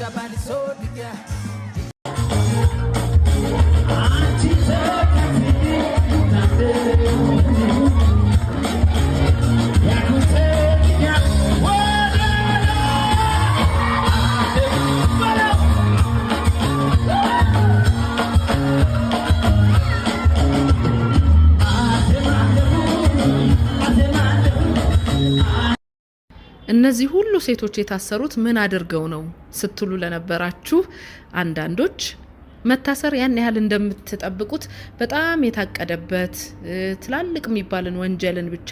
trabalho sob እነዚህ ሁሉ ሴቶች የታሰሩት ምን አድርገው ነው ስትሉ ለነበራችሁ አንዳንዶች መታሰር ያን ያህል እንደምትጠብቁት በጣም የታቀደበት ትላልቅ የሚባልን ወንጀልን ብቻ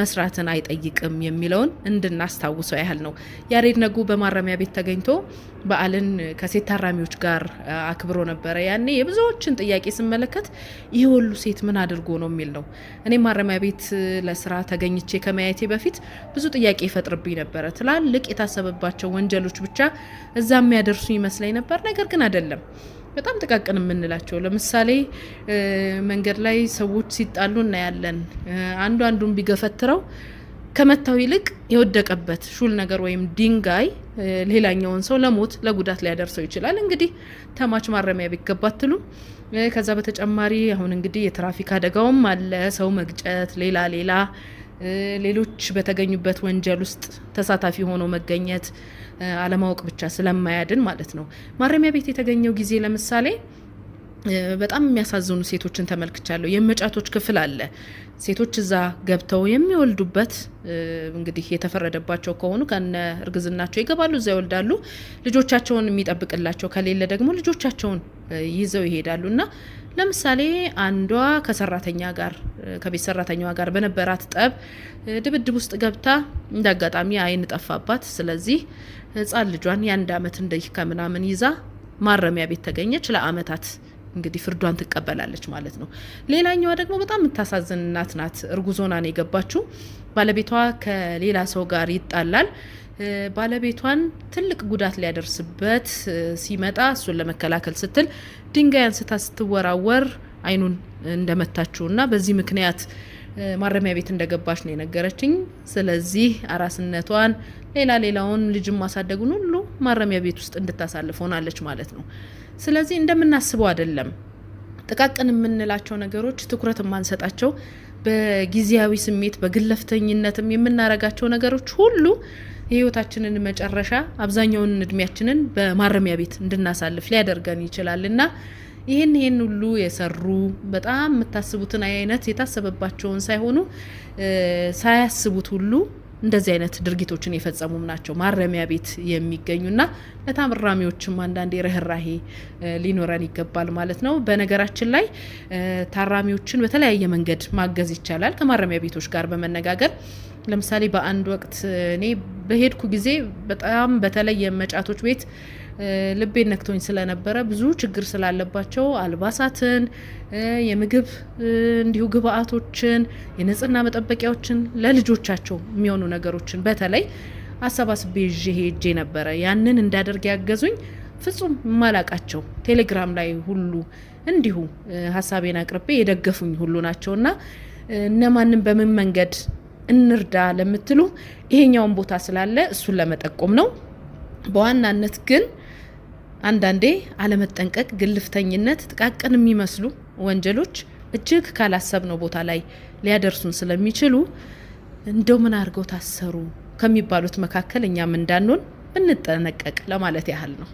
መስራትን አይጠይቅም የሚለውን እንድናስታውሰው ያህል ነው። ያሬድ ነጉ በማረሚያ ቤት ተገኝቶ በዓልን ከሴት ታራሚዎች ጋር አክብሮ ነበረ። ያኔ የብዙዎችን ጥያቄ ስመለከት ይህ ሁሉ ሴት ምን አድርጎ ነው የሚል ነው። እኔ ማረሚያ ቤት ለስራ ተገኝቼ ከማየቴ በፊት ብዙ ጥያቄ ይፈጥርብኝ ነበረ። ትላልቅ የታሰበባቸው ወንጀሎች ብቻ እዛ የሚያደርሱ ይመስለኝ ነበር። ነገር ግን አይደለም። በጣም ጥቃቅን የምንላቸው ለምሳሌ መንገድ ላይ ሰዎች ሲጣሉ እናያለን። አንዱ አንዱን ቢገፈትረው ከመታው ይልቅ የወደቀበት ሹል ነገር ወይም ድንጋይ ሌላኛውን ሰው ለሞት ለጉዳት ሊያደርሰው ይችላል። እንግዲህ ተማች ማረሚያ ቤት ገባ ከዛ በተጨማሪ አሁን እንግዲህ የትራፊክ አደጋውም አለ፣ ሰው መግጨት፣ ሌላ ሌላ ሌሎች በተገኙበት ወንጀል ውስጥ ተሳታፊ ሆኖ መገኘት አለማወቅ ብቻ ስለማያድን ማለት ነው። ማረሚያ ቤት የተገኘው ጊዜ ለምሳሌ በጣም የሚያሳዝኑ ሴቶችን ተመልክቻለሁ። የመጫቶች ክፍል አለ። ሴቶች እዛ ገብተው የሚወልዱበት እንግዲህ የተፈረደባቸው ከሆኑ ከነ እርግዝናቸው ይገባሉ፣ እዛ ይወልዳሉ። ልጆቻቸውን የሚጠብቅላቸው ከሌለ ደግሞ ልጆቻቸውን ይዘው ይሄዳሉ እና ለምሳሌ አንዷ ከሰራተኛ ጋር ከቤት ሰራተኛዋ ጋር በነበራት ጠብ ድብድብ ውስጥ ገብታ እንደ አጋጣሚ ዓይን ጠፋባት። ስለዚህ ህፃን ልጇን የአንድ አመት እንደይህ ከምናምን ይዛ ማረሚያ ቤት ተገኘች ለአመታት እንግዲህ ፍርዷን ትቀበላለች ማለት ነው። ሌላኛዋ ደግሞ በጣም የምታሳዝን እናት ናት። እርጉዞና ነው የገባችው። ባለቤቷ ከሌላ ሰው ጋር ይጣላል። ባለቤቷን ትልቅ ጉዳት ሊያደርስበት ሲመጣ እሱን ለመከላከል ስትል ድንጋይ አንስታ ስትወራወር አይኑን እንደመታችው እና በዚህ ምክንያት ማረሚያ ቤት እንደገባች ነው የነገረችኝ። ስለዚህ አራስነቷን ሌላ ሌላውን ልጅም ማሳደጉን ሁሉ ማረሚያ ቤት ውስጥ እንድታሳልፍ ሆናለች ማለት ነው። ስለዚህ እንደምናስበው አይደለም። ጥቃቅን የምንላቸው ነገሮች ትኩረት የማንሰጣቸው በጊዜያዊ ስሜት በግለፍተኝነትም የምናረጋቸው ነገሮች ሁሉ የህይወታችንን መጨረሻ አብዛኛውን እድሜያችንን በማረሚያ ቤት እንድናሳልፍ ሊያደርገን ይችላል እና ይህን ይህን ሁሉ የሰሩ በጣም የምታስቡትን አይነት የታሰበባቸውን ሳይሆኑ ሳያስቡት ሁሉ እንደዚህ አይነት ድርጊቶችን የፈጸሙም ናቸው ማረሚያ ቤት የሚገኙና ለታራሚዎችም አንዳንድ ርህራሄ ሊኖረን ይገባል ማለት ነው። በነገራችን ላይ ታራሚዎችን በተለያየ መንገድ ማገዝ ይቻላል ከማረሚያ ቤቶች ጋር በመነጋገር ለምሳሌ በአንድ ወቅት እኔ በሄድኩ ጊዜ በጣም በተለይ የመጫቶች ቤት ልቤን ነክቶኝ ስለነበረ ብዙ ችግር ስላለባቸው አልባሳትን፣ የምግብ እንዲሁ ግብአቶችን፣ የንጽህና መጠበቂያዎችን ለልጆቻቸው የሚሆኑ ነገሮችን በተለይ አሰባስቤ ይዤ ሄጄ ነበረ። ያንን እንዳደርግ ያገዙኝ ፍጹም ማላቃቸው ቴሌግራም ላይ ሁሉ እንዲሁ ሀሳቤን አቅርቤ የደገፉኝ ሁሉ ናቸውና እነማንም በምን መንገድ እንርዳ ለምትሉ ይሄኛውን ቦታ ስላለ እሱን ለመጠቆም ነው። በዋናነት ግን አንዳንዴ አለመጠንቀቅ፣ ግልፍተኝነት፣ ጥቃቅን የሚመስሉ ወንጀሎች እጅግ ካላሰብነው ቦታ ላይ ሊያደርሱን ስለሚችሉ እንደው ምን አድርገው ታሰሩ ከሚባሉት መካከል እኛም እንዳንሆን ብንጠነቀቅ ለማለት ያህል ነው።